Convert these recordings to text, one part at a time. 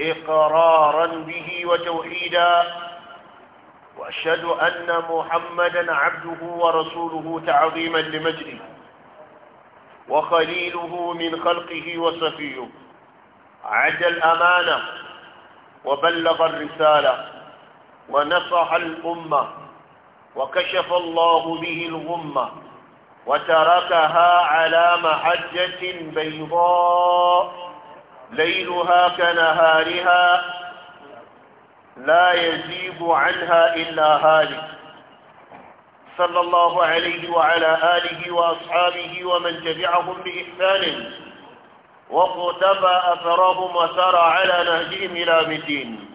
إقرارا به وتوحيدا وأشهد أن محمدا عبده ورسوله تعظيما لمجده وخليله من خلقه وصفيه عد الأمانة وبلغ الرسالة ونصح الأمة وكشف الله به الغمة وتركها على محجة بيضاء ليلها كنهارها لا يزيب عنها إلا هالك صلى الله عليه وعلى آله وأصحابه ومن تبعهم بإحسان وقتبى أثرهم وسار على نهجهم إلى مدين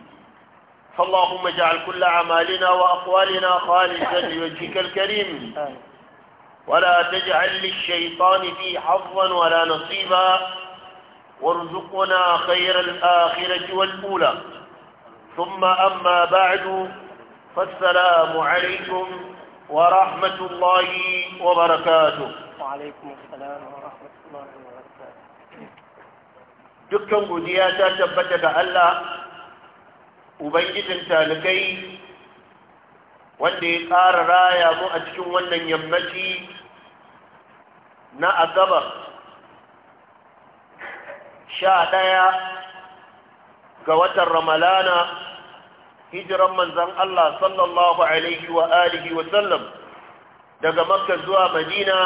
فاللهم اجعل كل أعمالنا وأقوالنا خالصا لوجهك الكريم ولا تجعل للشيطان فيه حظا ولا نصيبا وارزقنا خير الآخرة والأولى ثم أما بعد فالسلام عليكم ورحمة الله وبركاته وعليكم السلام ورحمة الله وبركاته dukkan godiya ta tabbata ga Allah ubangijin talikai wanda ya ƙara raya mu a cikin wannan yammaci na asabar sha ɗaya ga watan ramalana hijiran manzan Allah sallallahu alaihi wa alihi wa sallam daga makka zuwa madina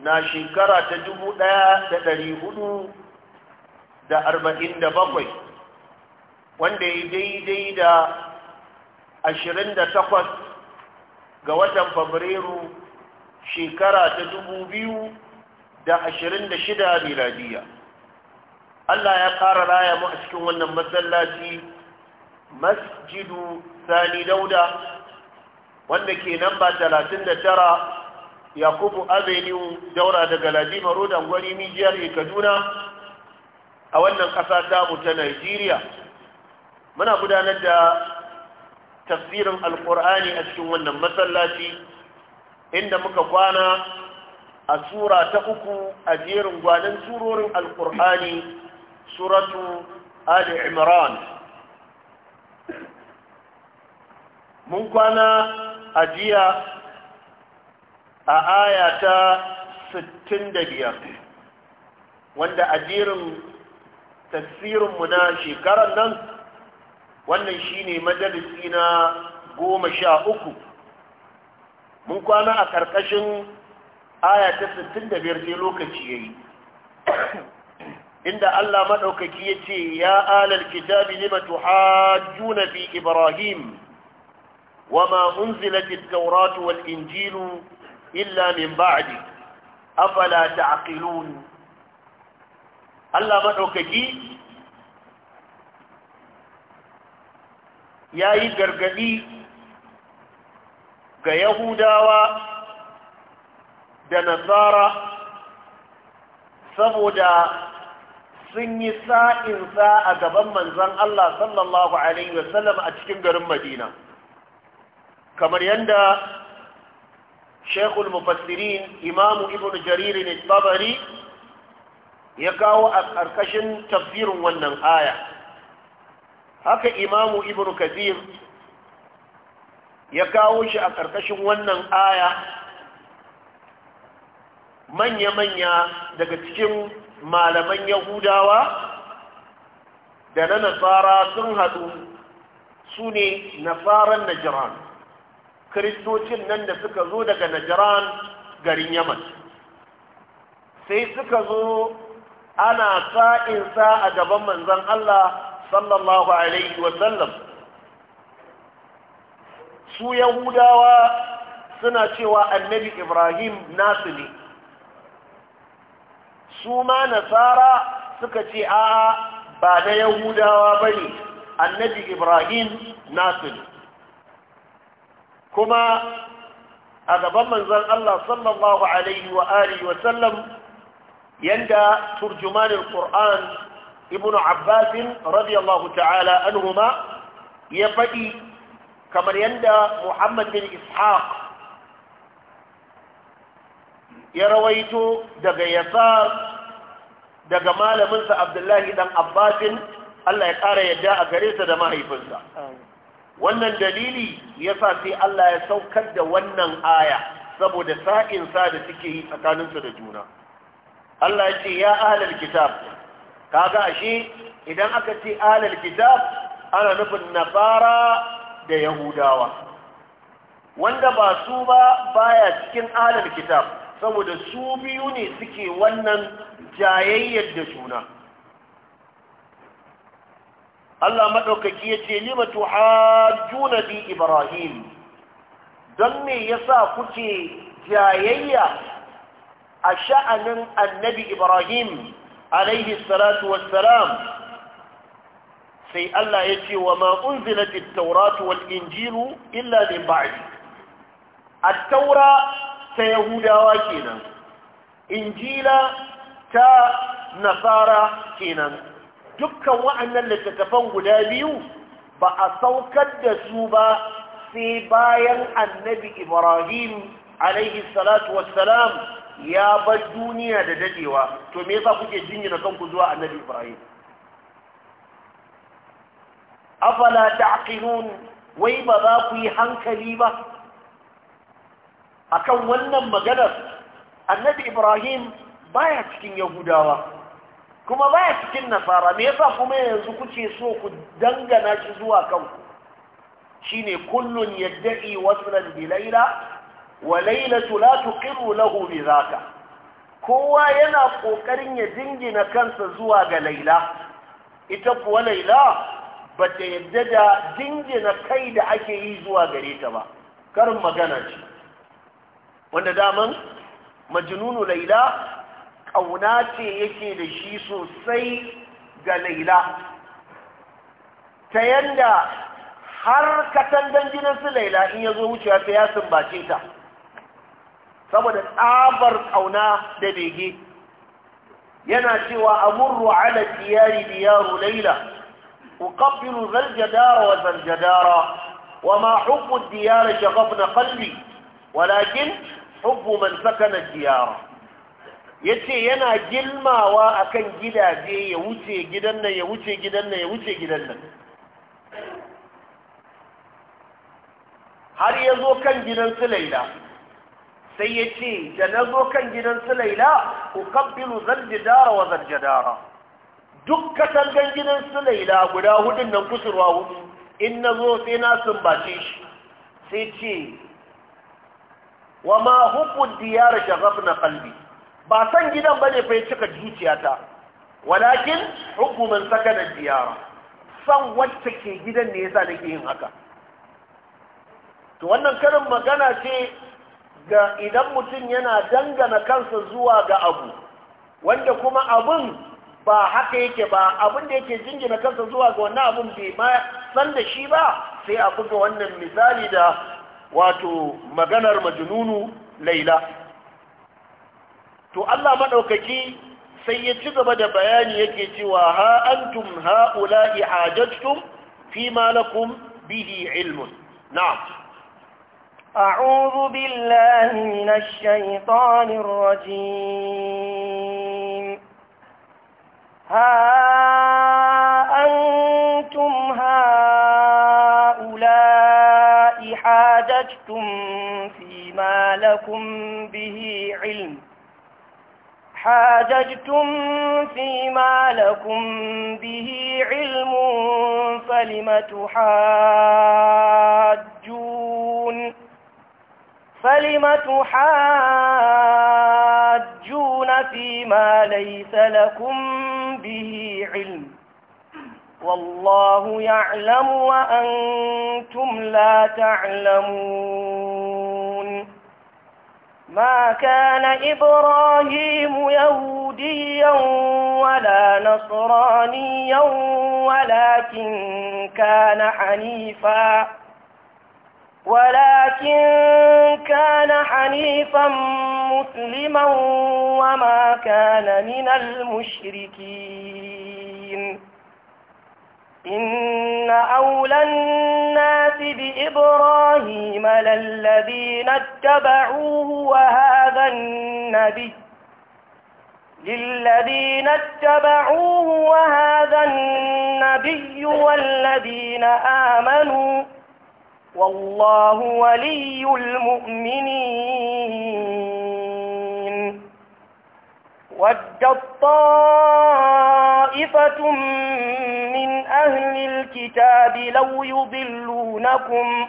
na shekara ta dubu ɗaya da ɗari hudu da arba'in da bakwai wanda ya daidai da ashirin da takwas ga watan fabrairu shekara ta dubu biyu da ashirin da shida miladiyya Allah ya ƙara raya mu a cikin wannan masallaci masjidu sani dauda wanda ke nan ba talatin da tara yakubu avenue daura daga ladima road angwari mijiyar kaduna a wannan ƙasa tamu ta Najeriya muna gudanar da tafsirin alƙur'ani a cikin wannan masallaci inda muka kwana a sura ta uku a jerin gwanin surorin alƙur'ani suratu ali imran mun kwana a jiya a aya ta 65 wanda ajirin tafsirinmu na shekarar nan wannan shine majalisi na goma sha uku mun kwana a ƙarƙashin aya ta biyar sai lokaci ya yi inda Allah ya ce ya alal kitabi lima tuhajjuna fi ibrahim wa ma unzilatit tauratu wal injilu illa min ba'di afala ta'qilun Allah ya yayi gargadi ga Yahudawa da Nasara saboda sun yi sa'insa a gaban manzon Allah sallallahu Alaihi wasallam a cikin garin Madina. Kamar yadda Shekul Mufassirin Imamu Ibn Jaririn Babari ya kawo a ƙarƙashin tafsirin wannan aya. Haka Imamu Ibn Kazir ya kawo shi a ƙarƙashin wannan aya manya-manya daga cikin malaman yahudawa da na nasara sun haɗu su ne nasaran najiran kiristocin nan da suka zo daga najiran garin yaman sai suka zo ana sa'insa a gaban manzan Allah sallallahu alaihi wasallam su yahudawa suna cewa annabi ibrahim nasu ne su ma nasara suka ce a'a ba na yahudawa ba ne annabi ibrahim nasir. kuma a gaban manzan allah sallallahu alaihi wa alihi wa sallam yanda turjumanin ƙur'an ibn abbasin radiyallahu ta'ala anhuma ya faɗi kamar yanda muhammad bin ishaq ya rawaito daga yasar daga malaminsa abdullahi dan abbasin Allah ya ƙara yadda a gare sa da mahaifinsa wannan dalili ya sa sai Allah ya saukar da wannan aya saboda sa'insa da suke yi tsakaninsu da juna Allah ya ce ya ahlal kitab kaga ashe idan aka ce ahlal kitab ana nufin nasara da yahudawa wanda ba su ba baya cikin ahlal kitab saboda su biyu ne suke wannan jayayyar da juna Allah maɗaukaki ya ce lima tuhajjuna bi Ibrahim don me yasa kuke jayayya a sha'anin annabi Ibrahim alaihi salatu wassalam sai Allah ya ce wa ma unzilatit wal injilu illa ne ba'a? A taura ta yahudawa kenan injila ta nasara kenan dukkan wa'annan littattafan guda biyu ba a saukar da su ba sai bayan annabi ibrahim alaihi salatu wassalam ya bar duniya da dadewa to me yasa kuke jingina kanku zuwa annabi ibrahim afala ta'qilun wai ba za ku yi hankali ba akan wannan maganar annabi ibrahim baya cikin yahudawa kuma baya cikin nasara me yasa kuma yanzu kuke so ku dangana shi zuwa kanku shine kullun yadda'i waslan bi laila wa lailatu la tuqiru lahu bi zaka kowa yana kokarin ya dingina kansa zuwa ga laila ita kuwa laila bata yadda da dingina kai da ake yi zuwa gare ta ba karin magana ce wanda daman majnunu laila ƙauna ce yake da shi sosai ga laila ta yanda har gidan su laila in ya zo wucewa ta ya sumbace ta saboda tsabar ƙauna da bege yana cewa amurru ala diyari diyaru laila uqabbilu zaljadara wa zaljadara wa ma hubbu diyara shaqafna qalbi walakin hubbu man sakana diyara yace yana gilmawa akan gidaje ya wuce gidan nan ya wuce gidan nan ya wuce gidan nan har ya zo kan gidan su laila sai ya ce da na zo kan gidan su laila ku kabbilu zarjidara wa zarjidara duk katangan gidan su laila guda hudun nan kusurwa hudu in na zo sai na sumbace shi sai ce wa ma diyara diyar shaghafna qalbi ba san gidan bane fa ya cika zuciyata walakin hubbu man sakana diyara san wacce ke gidan ne yasa nake yin haka to wannan karin magana ce ga idan mutum yana dangana kansa zuwa ga abu wanda kuma abun ba haka yake ba abin da yake jingina kansa zuwa ga wannan abun bai ma san da shi ba sai a buga wannan misali da wato maganar majnunu laila to Allah maɗaukaki sai ya ci gaba da bayani yake cewa ha antum haula'i hajajtum fi ma lakum bihi ilmun na'am أعوذ بالله من الشيطان الرجيم ها أنتم اخْتَلَفْتُمْ فِيمَا لَكُمْ بِهِ عِلْمٌ حاججتم فيما لكم به علم فلم تحاجون فلم تحاجون فيما ليس لكم به علم والله يعلم وأنتم لا تعلمون ما كان إبراهيم يهوديا ولا نصرانيا ولكن كان حنيفا ولكن كان حنيفا مسلما وما كان من المشركين إن أولى الناس بإبراهيم للذين اتبعوه وهذا النبي للذين اتبعوه وهذا النبي والذين آمنوا والله ولي المؤمنين ودت طائفة من أهل الكتاب لو يضلونكم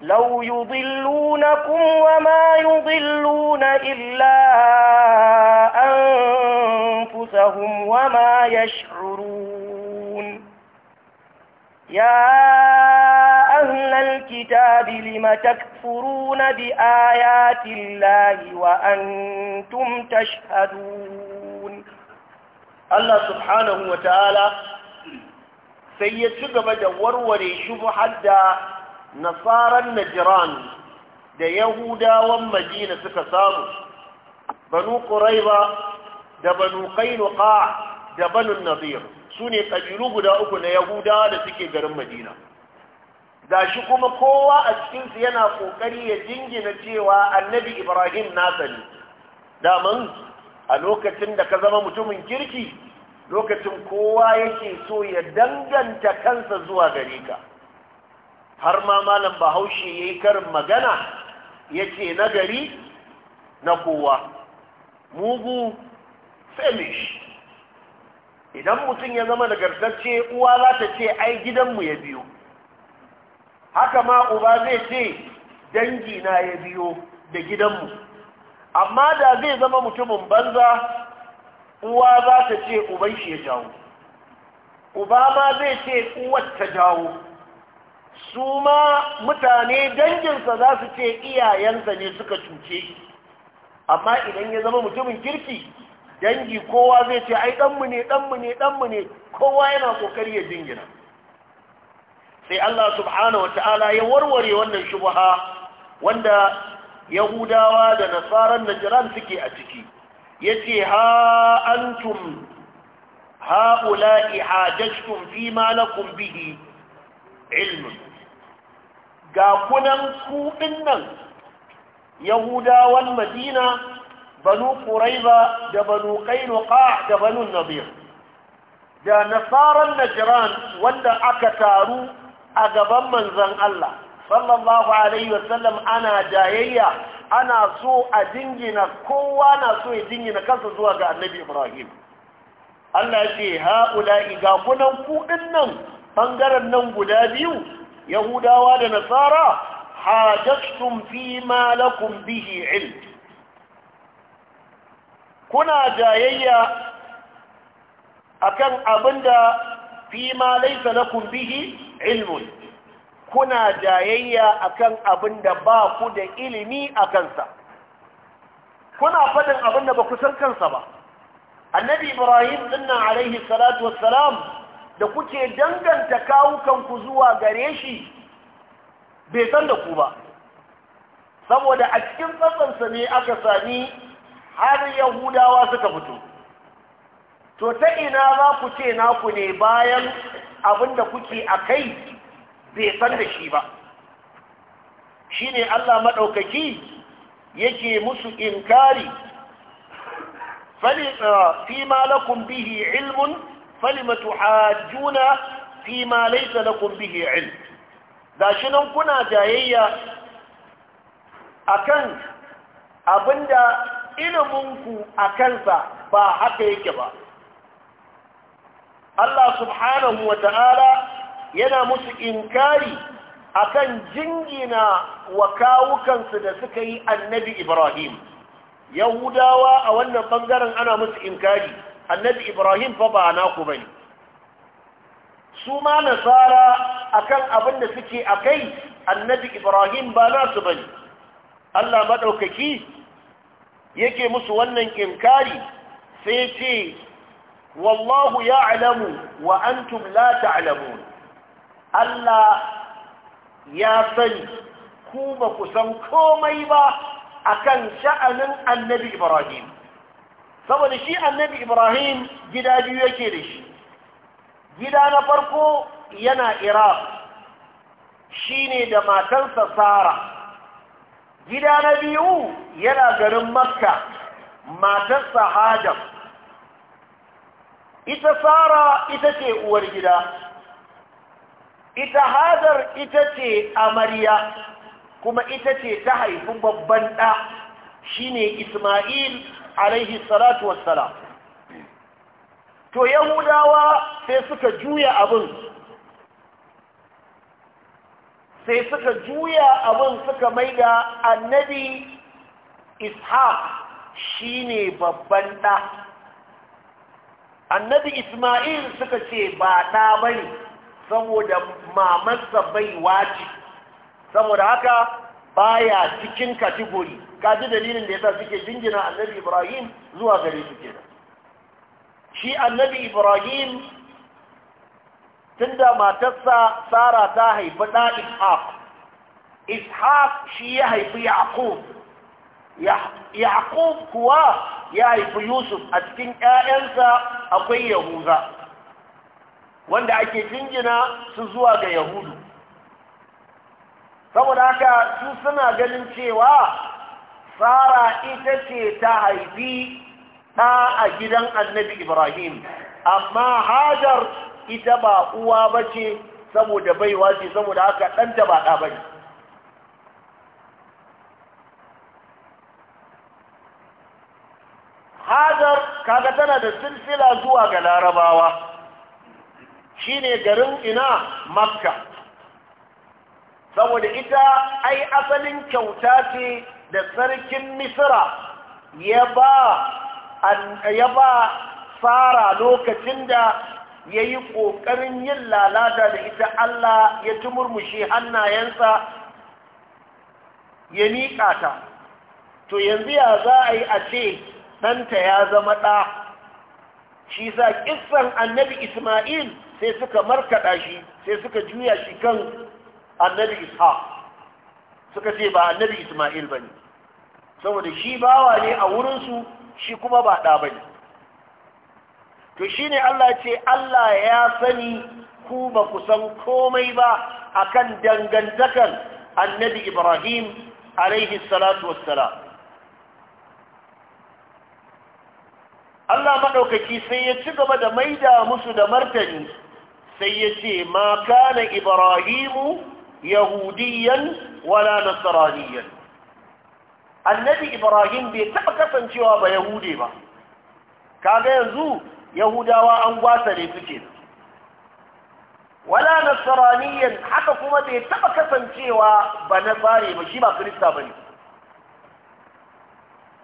لو يضلونكم وما يضلون إلا أنفسهم وما يشعرون يا أهل الكتاب لم تكفرون بآيات الله وأنتم تشهدون الله سبحانه وتعالى سيتشق بدور وليشب حتى نصارى النجران da Yahudawan Madina suka samu, banu Ƙuraiba da banu Kainuka da banu Nazir su ƙabilu guda uku na Yahudawa da suke garin Madina. Ga shi kuma kowa a cikinsu yana ƙoƙari ya jingina cewa annabi ibrahim nasa ne daman a lokacin da ka zama mutumin kirki lokacin kowa yake so ya danganta kansa zuwa gare ka har ma malam bahaushe ya yi karin magana ya ce na gari na kowa mugu femish idan mutum ya zama ce, uwa za ta ce ai gidanmu ya biyu haka ma uba zai ce dangi na ya biyo da gidanmu amma da zai zama mutumin banza uwa za ta ce uban shi ya jawo uba ma zai ce uwar ta jawo su ma mutane danginsa za su ce iyayensa ne suka cuce amma idan ya zama mutumin kirki dangi kowa zai ce ai ɗanmu ne ɗanmu ne ɗanmu ne kowa yana ƙoƙari ya jingina sai Allah subhanahu wata'ala ya warware wannan shubha wanda yahudawa da nasaran najran suke a ciki yace ha antum haula'i hajajtum fi ma lakum bihi ilmun ga kunan kuɗin nan yahudawan madina banu ƙuraiba, da banu qainuqa da banu nadir da nasaran najran wanda aka taru a gaban manzan Allah sallallahu alaihi wasallam ana jayayya ana so a dingina kowa na so ya dingina kansa zuwa ga annabi Ibrahim Allah ce ha'ula'i ga kuɗin nan ɓangaren nan guda biyu Yahudawa da Nasara hajjattum fi malakun bihi il. kuna jayayya abin da fi ma laysa bihi ilmun kuna jayayya akan abin da ba ku da ilimi a kansa kuna faɗin abin da ba ku san kansa ba annabi ibrahim dinnan alaihi salatu wassalam da kuke danganta kawukan ku zuwa gare shi bai san da ku ba saboda a cikin tsatsansa ne aka sami har yahudawa suka fito to ta ina za ku ce naku ne bayan abin da kuke a kai bai san da shi ba shi ne Allah maɗaukaki yake musu inkari uh, fi ma lakum bihi ilmun fali matu hajjuna fi ma laisa lakum bihi ilm shi nan kuna jayayya A akan abinda iliminku a kansa ba haka yake ba Allah subhanahu wa ta'ala yana musu inkari akan jingina wa kawukansu da suka yi annabi Ibrahim. Yahudawa a wannan ɓangaren ana musu inkari, annabi Ibrahim fa ba naku bane. Su ma nasara akan abin da suke a kai annabi Ibrahim ba nasu bane. Allah maɗaukaki yake musu wannan inkari sai ce wallahu ya'lamu wa antum la ta'lamun Allah ya sani ku ba ku san komai ba akan sha'anin annabi Ibrahim saboda shi annabi Ibrahim gida biyu yake da shi gida na farko yana Iraq shine da matarsa Sara gida na biyu yana garin Makka matarsa Hajar ita tsara ita ce uwar gida ita hadar ita ce amarya kuma ita ce ta haifi babban ɗa shine isma'il alaihi salatu wassala to yahudawa sai suka juya abin sai suka juya abin suka maida annabi ishaq shine babban ɗa annabi isma'il suka ce ba ɗa ba ne saboda mamansa bai wace saboda haka baya cikin kategori kaji dalilin da yasa suke jingina annabi ibrahim zuwa gare su kenan shi annabi ibrahim tunda matarsa tsara ta haifi ɗa ishaq ishaq shi ya haifi yaqub yaqub kuwa ya haifi yusuf a cikin 'ya'yansa akwai yahuza wanda ake jingina su zuwa ga yahudu saboda haka su suna ganin cewa tsara ita ce ta haifi ɗa a gidan annabi ibrahim amma hajar ita ba uwa ba ce saboda baiwa ce saboda haka ɗanta ba ɗa ba ne hajar kaga tana da silsila zuwa ga larabawa Shi ne garin ina makka saboda ita ai asalin kyauta ce da sarkin misira ya ba fara lokacin da ya yi ƙoƙarin yin lalata da ita Allah ya murmushi hannayensa ya miƙa ta to yanzu ya za a yi a ce ɗanta ya zama ɗa shi sa ƙissan annabi isma'il sai suka markaɗa shi sai suka juya shi kan annabi isha suka ce ba annabi isma'il ba ne saboda shi bawa ne a wurinsu shi kuma ba ɗa ba to shi ne allah ce allah ya sani ku ba ku san komai ba akan dangantakan annabi ibrahim alaihi salatu wassalam Allah maɗaukaki sai ya ci gaba da maida musu da martani sai ya ce ma kana ibrahimu yahudiyan wala nasaraniyan annabi ibrahim bai taɓa kasancewa ba yahude ba kaga yanzu yahudawa an gwasa ne suke wala nasaraniyan haka kuma bai taɓa kasancewa ba na bare ba shi ba kirista ba ne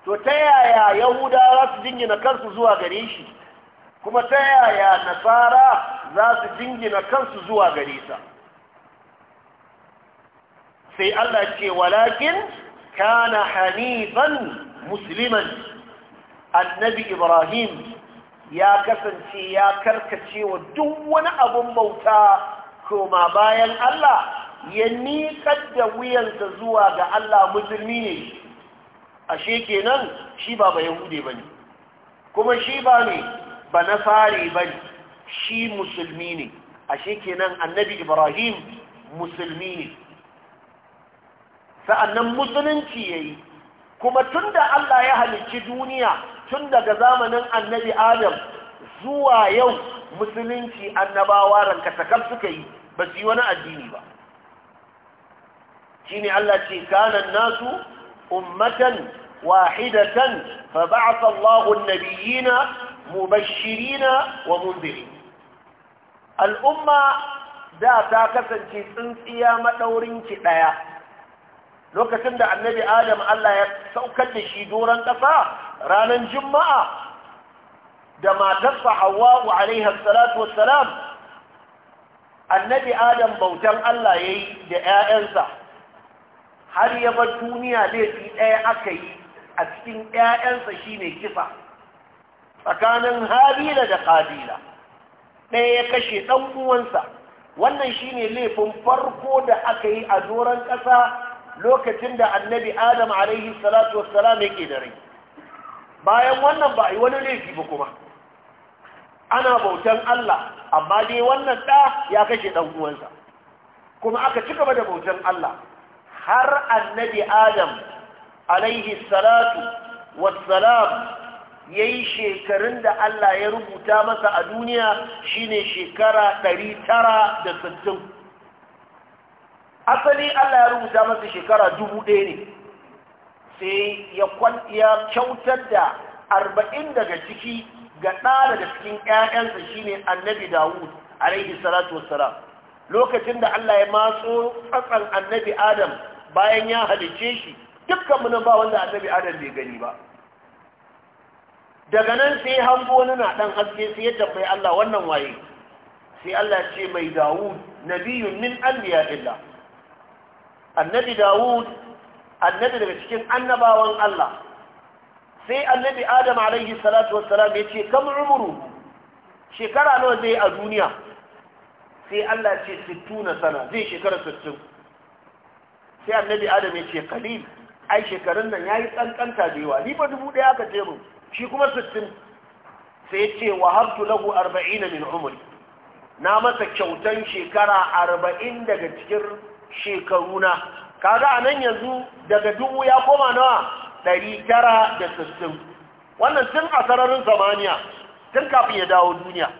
to ta yaya za su jingina kansu zuwa gare shi kuma ta yaya nasara za su jingina kansu zuwa gare sa sai Allah ce walakin kana hanifan musliman annabi ibrahim ya kasance ya karkace wa duk wani abun bauta koma bayan Allah ya niƙar da wuyansa zuwa ga Allah musulmi ne ashe kenan shi ba ba yahude bane kuma shi ba ne ba na fare bane shi musulmi ne ashe kenan annabi ibrahim musulmi ne sa'annan musulunci yayi kuma tunda Allah ya halicci duniya tun daga zamanin annabi adam zuwa yau musulunci annabawa rankatakar suka yi ba su yi wani addini ba shine Allah ce kanan nasu أمة واحدة فبعث الله النبيين مبشرين ومنذرين الأمة دا كثن في سنسية مدورين كتايا لو كثن النبي آدم الله يتوكد شدورا تفا رانا جمعا دما تفع حواء عليها الصلاة والسلام النبي آدم بوتان الله يجي دعا إنسان har ya bar duniya laifi ɗaya aka yi a cikin ‘ya'yansa shi ne kisa tsakanin habila da kabila ɗaya ya kashe ɗan uwansa wannan shi ne laifin farko da aka yi a doron ƙasa lokacin da annabi adam alaihi salatu wassalam yake da rai bayan wannan ba a yi wani laifi ba kuma ana bautan Allah amma dai wannan ɗa ya kashe ɗan uwansa kuma aka ci gaba da bautan Allah har annabi adam alaihi salatu wassalam ya yi shekarun da Allah ya rubuta masa a duniya shine shekara tara da sittin. asali Allah ya rubuta masa shekara dubu ɗaya ne sai ya kyautar da arba'in daga ciki ga ɗara da cikin ‘ya'yansa shine annabi dawud alaihi salatu wassalam lokacin da Allah ya matso tsatsan annabi adam bayan ya halicce shi dukkan munan ba wanda annabi adam bai gani ba daga nan sai hango na dan haske sai ya tabbai Allah wannan waye sai Allah ce mai Dawud nabiyun min anbiya illa annabi Dawud annabi daga cikin annabawan Allah sai annabi Adam alaihi salatu wassalam ya ce kam umru shekara nawa zai a duniya sai Allah ce 60 sana zai shekara 60 sai annabi adam ya ce kalil ai shekarun nan yayi tsantsanta da yawa ni ba dubu ɗaya ka ce mun shi kuma sittin sai ya ce wa habtu lahu arba'ina min umri na masa kyautan shekara arba'in daga cikin shekaruna kaga a nan yanzu daga dubu ya koma nawa ɗari tara da sittin wannan tun a sararin zamaniya tun kafin ya dawo duniya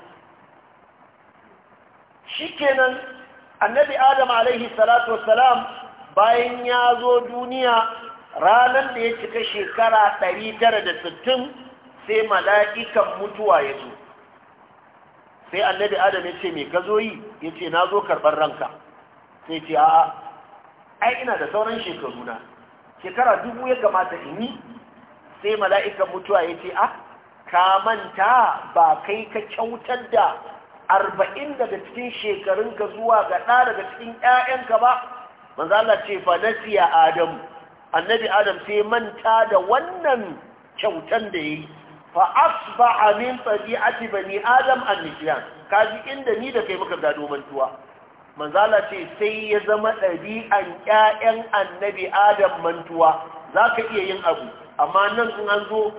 shi kenan annabi adam alaihi salatu wassalam bayan ya zo duniya ranar da ya cika shekara ɗari sai mala'ikan mutuwa ya zo sai annabi adam ya ce me ka zo yi ya ce na zo karɓar ranka sai ce a'a ai ina da sauran shekaru na shekara dubu ya kamata in yi sai mala'ikan mutuwa ya ce a ah, ka manta ba kai ka kyautar da arba'in daga cikin shekarunka zuwa ga ɗa daga cikin ‘ya'yanka ba manzo Allah ce fa nasiya adam annabi adam sai manta da wannan kyautan da yayi fa asbaha min tabi'ati bani adam an kaji inda ni da kai muka gado mantuwa manzo Allah ce sai ya zama ɗabi'an ƴaƴan annabi adam mantuwa zaka iya yin abu amma nan in an zo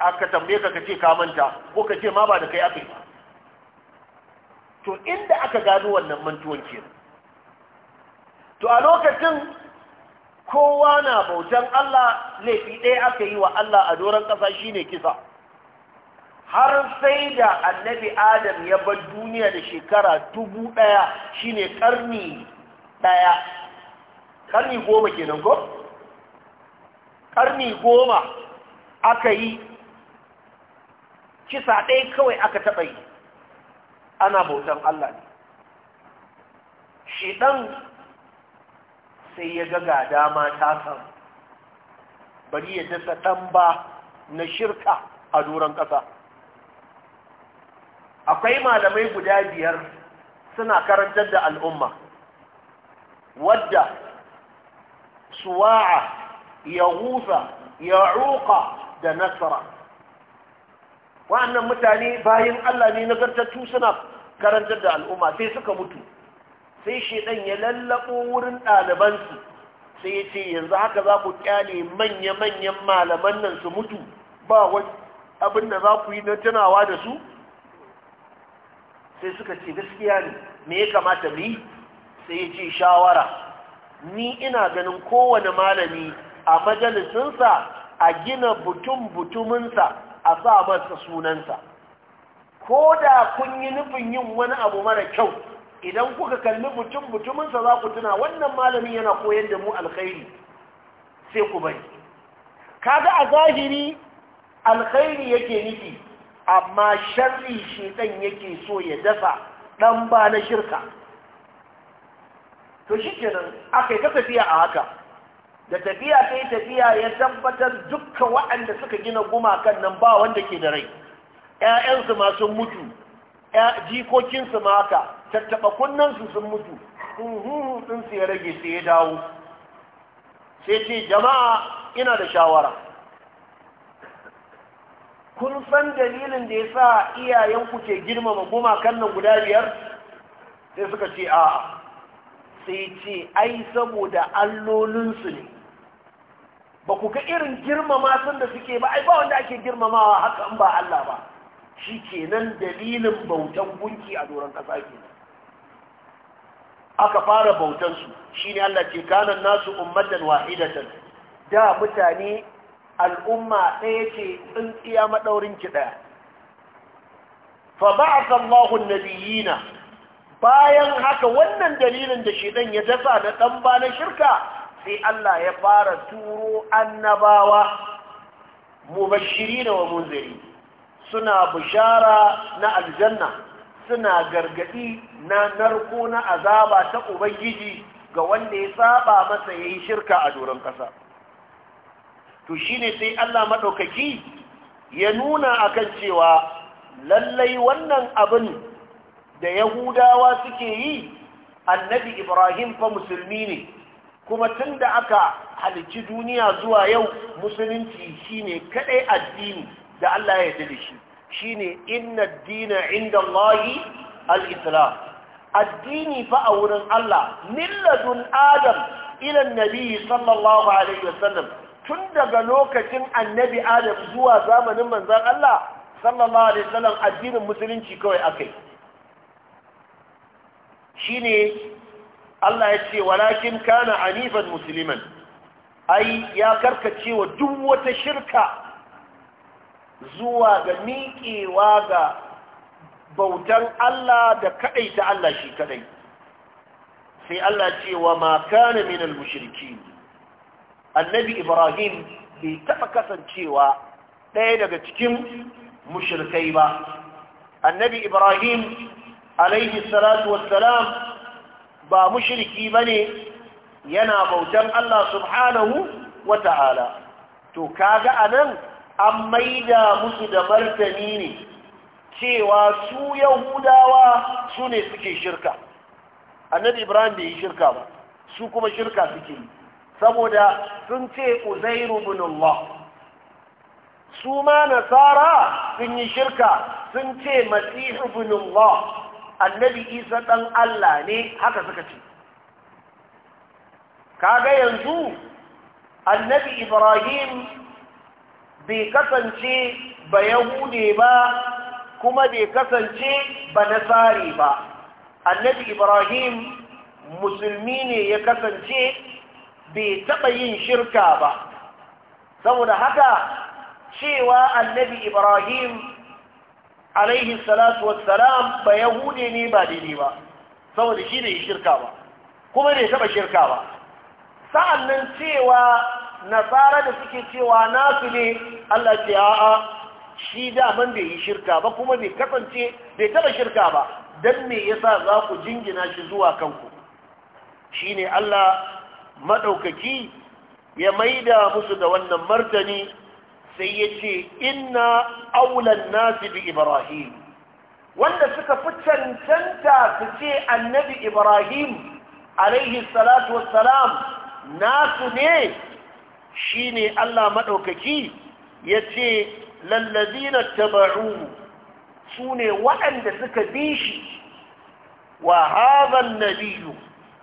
aka tambaye ka kace ka manta ko kace ma ba da kai akai ba to inda aka gano wannan mantuwan kenan to a lokacin kowa na bautan Allah laifi ɗaya aka yi wa Allah a doron ƙasa shi ne kisa har sai da annabi adam ya bar duniya da shekara dubu ɗaya shi ne ƙarni ɗaya ƙarni goma kenan ko? ƙarni goma aka yi kisa ɗaya kawai aka taɓa yi ana bautan Allah ne shi ɗan sai ya ga dama ta samu bari ya dasa tamba na shirka a doron ƙasa akwai malamai guda biyar suna karantar da al'umma wadda suwa'a ya huza ya roƙa da nasara wa'annan mutane bayan allah ne nagartattu suna karantar da al'umma sai suka mutu sai shedan ya lallabo wurin ɗalibansu sai ya ce yanzu haka za ku kyale manya-manyan malaman nan su mutu ba wani abin da za ku yi na tunawa da su sai suka ce gaskiya ne me ya kamata mu yi sai ya ce shawara ni ina ganin kowane malami a majalisinsa a gina butun-butuminsa a sa masa sunansa ko da kun yi nufin yin wani abu mara kyau idan kuka kalli mutum mutuminsa za ku tuna wannan malamin yana koyar da mu alkhairi sai ku bari kaga a zahiri alkhairi yake nufi amma sharri shedan yake so ya dafa, dan ba na shirka to shikenan akai ta tafiya a haka da tafiya sai tafiya ya tabbatar dukkan waɗanda suka gina gumakan nan ba wanda ke da rai ‘ya'yansu masu mutu jikokinsu ma haka tattaɓa kunnansu sun mutu ɗin su ya rage sai ya dawo sai ce jama'a ina da shawara kun san dalilin da ya sa iyayenku ke girmama gumakan nan guda biyar sai suka ce a'a sai ce ai saboda allolinsu ne ba ku ga irin girmama sun da suke ba ai ba wanda ake girmamawa haka in ba Allah ba shi kenan dalilin bautan gunki a doron ƙasa kenan aka fara bautansu shine Allah ce kanan nasu ummatan wahidatan da mutane al'umma ɗaya ce tsintsiya maɗaurin kiɗa ɗaya fa ba'atha Allahu an-nabiyina bayan haka wannan dalilin da shedan ya dasa da ɗan ba na shirka sai Allah ya fara turo annabawa mubashirin wa munzirin suna bishara na aljanna suna gargadi na narko na azaba ta ubangiji ga wanda ya saba masa yayi shirka a doron kasa to shine sai Allah madaukaki ya nuna akan cewa lallai wannan abin da yahudawa suke yi annabi ibrahim fa musulmi ne kuma tunda aka halicci duniya zuwa yau musulunci shine kadai addini da Allah ya yarda da shi shine inna dina inda Allahi al addini fa a wurin Allah milladun adam ila nabi sallallahu alaihi wasallam tun daga lokacin annabi adam zuwa zamanin manzon Allah sallallahu alaihi wasallam addinin musulunci kawai akai shine Allah ya ce walakin kana anifan musliman ai ya karkace wa duk wata shirka zuwa ga miƙewa ga bautar Allah da kaɗaita Allah shi kaɗai sai Allah cewa makana minal mushriki annabi Ibrahim bai taɓa kasancewa ɗaya daga cikin mushirkai ba annabi Ibrahim alaihi salatu wassalam ba ba bane yana bautan Allah subhanahu wa ta'ala to kaga anan an maida musu da martani ne cewa su yahudawa su ne suke shirka annabi ibrahim bai yi shirka ba su kuma shirka suke yi saboda sun ce uzairu bin Allah su ma nasara sun yi shirka sun ce masihu bin Allah annabi isa ɗan Allah ne haka suka ce kaga yanzu annabi ibrahim bai kasance ba yahude ba kuma bai kasance ba nasari ba annabi ibrahim musulmi ne ya kasance bai taɓa yin shirka ba saboda haka cewa annabi ibrahim alaihi salatu wassalam ba yahude ne ba daidai ba saboda shi ne shirka ba kuma bai taɓa shirka ba sa'annan cewa nasara da suke cewa nasu ne Allah ce a'a shi daman bai yi shirka ba kuma bai kasance bai taba shirka ba dan me yasa za ku jingina shi zuwa kanku shine Allah madaukaki ya maida musu da wannan martani sai ya ce inna aulan nasi bi ibrahim wanda suka fi cancanta su ce annabi ibrahim alaihi salatu wassalam nasu ne shine Allah maɗaukaki ya ce lallazina taba'u su ne waɗanda suka bi shi wa haɗar nabiyu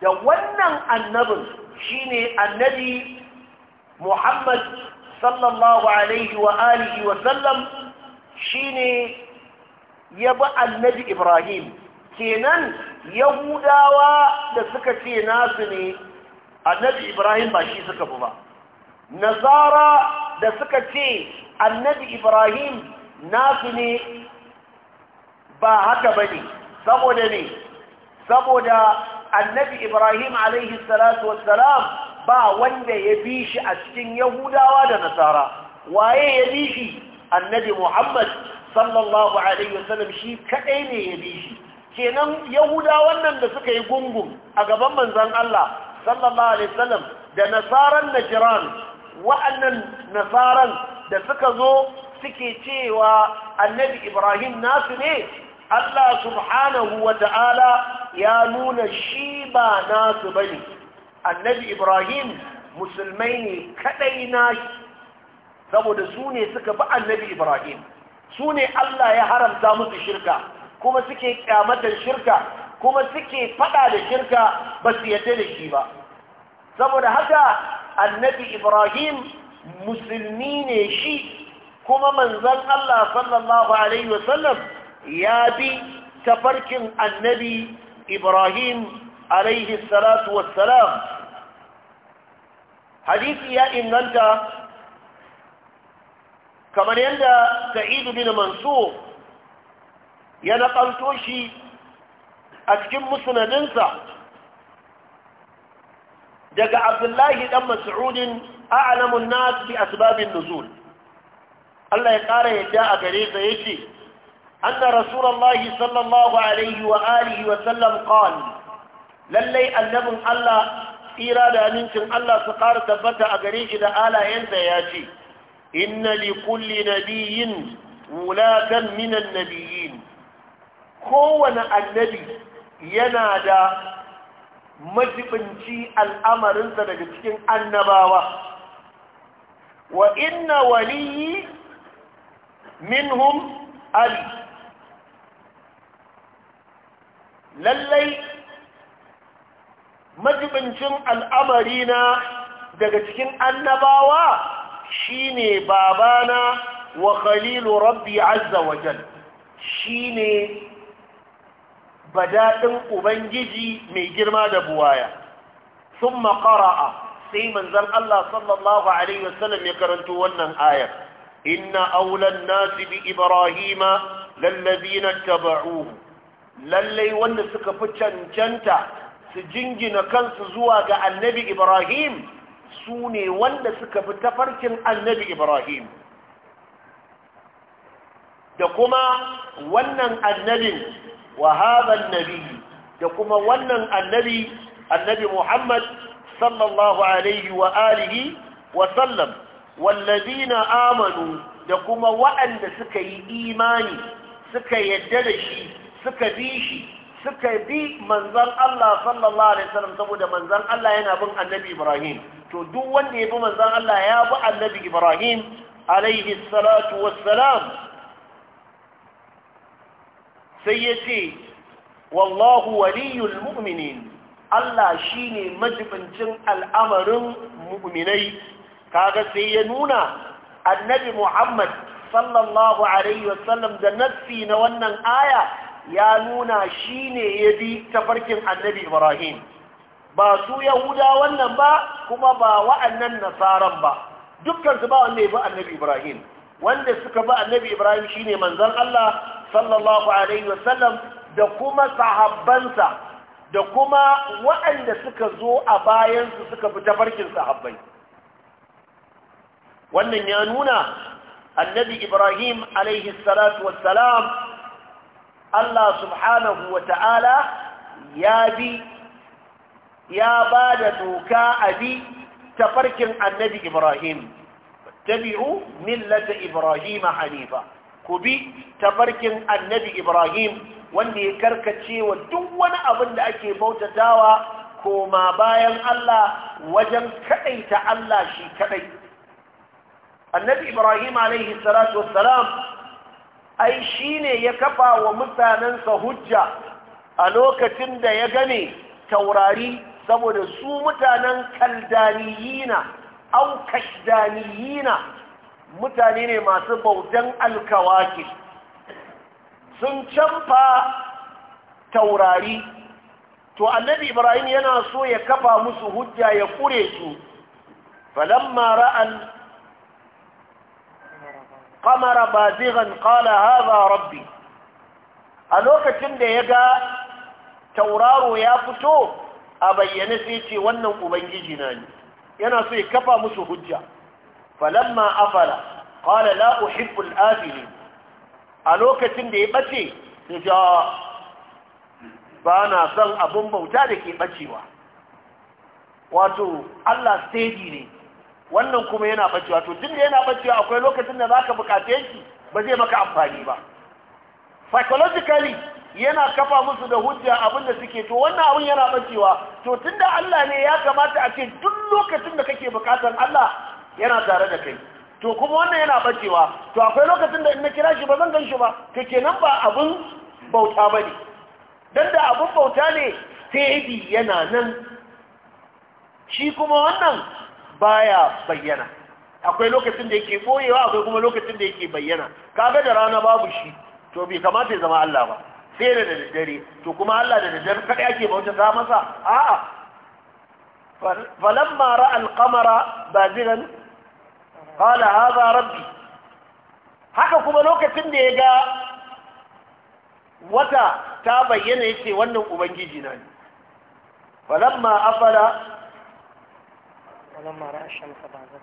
da wannan annabin ne annabi Muhammad sallallahu alaihi wa alihi wa sallam ne ya bi annabi Ibrahim kenan yahudawa da suka ce nasu ne annabi Ibrahim ba shi suka fi ba nasara da suka ce annabi ibrahim nasu ne ba haka ba ne saboda ne saboda annabi ibrahim alaihi salatu wassalam ba wanda ya bi shi a cikin yahudawa da nasara waye ya bi shi annabi muhammad sallallahu alaihi wasallam shi kadai ne ya bi shi kenan Yahudawa nan da suka yi gungun a gaban manzon Allah sallallahu alaihi wasallam da nasaran najiran wa'annan nasaran da suka zo suke cewa annabi ibrahim nasu ne allah subhanahu wa ta'ala ya nuna shi ba nasu ba ne annabi ibrahim musulmai ne kadai na saboda su ne suka bi annabi ibrahim su ne allah ya haramta musu shirka kuma suke kyamatar shirka kuma suke fada da shirka ba su yadda da shi ba saboda haka annabi ibrahim musulmi ne shi kuma manzan Allah sallallahu alaihi wasallam ya bi tafarkin annabi ibrahim alaihi salatu wassalam hadisi ya inganta kamar yadda sa'idu bin mansur ya naƙanto shi a cikin musnadinsa daga abdullahi dan mas'udin a'lamun nas bi asbabin nuzul Allah ya ƙara yadda a gare sa yace anna rasulullahi sallallahu alaihi wa alihi wa sallam qala lallai annabin Allah tsira da amincin Allah su ƙara tabbata a gare shi da alayensa ya ce, Inna li kulli nabiyyin wulatan minan nabiyin, kowane annabi yana da majibinci al'amarinsa daga cikin annabawa wa inna waliyi minhum ali lallai majibincin al'amarina daga cikin annabawa shine babana wa khalilu rabbi azza wajal shine badaɗin ubangiji mai girma da buwaya sun makara'a sai manzan Allah sallallahu Alaihi wasallam ya karanto wannan ayar inna aulan nasi bi ibrahima lallazina taba'uhu lallai wanda suka fi cancanta su jingina kansu zuwa ga annabi ibrahim su ne wanda suka fi tafarkin annabi ibrahim da kuma wannan annabin wa hadha da kuma wannan annabi annabi Muhammad sallallahu alaihi wa alihi wa sallam amanu da kuma waɗanda suka yi imani suka yadda da shi suka bi shi suka bi manzan Allah sallallahu alaihi wasallam saboda manzan Allah yana bin annabi Ibrahim to duk wanda ya fi manzan Allah ya fi annabi Ibrahim alaihi salatu wassalam sai ya ce wallahu waliyul mu'minin Allah shine majibincin al'amarin mu'minai kaga sai ya nuna annabi Muhammad sallallahu alaihi wasallam da nassi na wannan aya ya nuna shi ne ya bi tafarkin annabi Ibrahim ba su Yahuda wannan ba kuma ba wa'annan nasaran ba dukkan su ba wanda ya bi annabi Ibrahim wanda suka bi annabi Ibrahim shine manzon Allah sallallahu alaihi wasallam da kuma sahabbansa da kuma waɗanda suka zo a bayansu suka fi tafarkin sahabbai wannan ya nuna annabi ibrahim alaihi salatu wassalam allah subhanahu wa ta'ala ya bi ya ba da doka a bi tafarkin annabi ibrahim tabi'u millata ibrahim hanifa ku bi tafarkin annabi ibrahim wanda ya karkace wa duk wani abin da ake bautatawa koma bayan allah wajen kaɗaita allah shi kaɗai annabi ibrahim alaihi salatu wassalam ai shi ne ya kafa wa mutanensa hujja a lokacin da ya gane taurari saboda su mutanen kaldaniyina au kashdaniyina mutane ne masu bautan alkawaki sun canfa taurari to annabi ibrahim yana so ya kafa musu hujja ya kure su falamma ra'al qamara bazighan qala hadha rabbi a lokacin da ya ga tauraro ya fito a bayyane sai ce wannan ubangiji na ne yana so ya kafa musu hujja falamma afala qala la uhibbu al-afili a lokacin da ya bace ya ce ah, ba na son abun bauta da ke bacewa wato Allah steady ne wannan kuma yana bace to tun da yana bacewa akwai lokacin da zaka bukace shi ba zai maka amfani ba psychologically yana kafa musu da hujja abin da suke to wannan abun yana bacewa to tunda Allah ne ya kamata a ce duk lokacin da kake bukatar Allah yana tare da kai to kuma wannan yana bacewa to akwai lokacin da in na kira shi ba zan ganshi ba to kenan ba abun bauta ba ne don da abun bauta ne sai yana nan shi kuma wannan baya bayyana akwai lokacin da yake boyewa akwai kuma lokacin da yake bayyana kaga da rana babu shi to bai kamata ya zama Allah ba sai da daddare to kuma Allah da daddare kada yake bauta ta masa a'a falamma ra'a al-qamara qala hadha rabbi haka kuma lokacin da ya ga wata ta bayyana yace wannan ubangiji na ne falamma afala falamma ra'a shamsa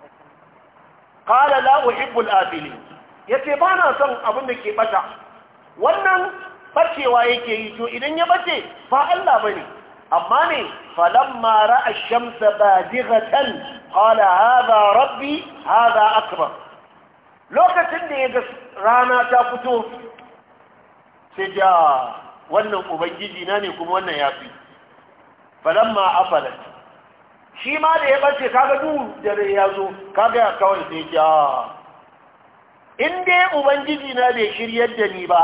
qala la uhibbu al-afilin yace ba na son abin da ke bata wannan bacewa yake yi to idan ya bace ba Allah bane amma ne falamma ra'a shamsa bazatan qala haza rabbi haza akbar lokacin da ya ga rana ta fito sai ja wannan ubangiji na ne kuma wannan yafi falamma afalat shi ma da ya bace kaga duhu dare ya zo kaga kawai sai ja ah. in dai ubangiji na bai shiryar da ni ba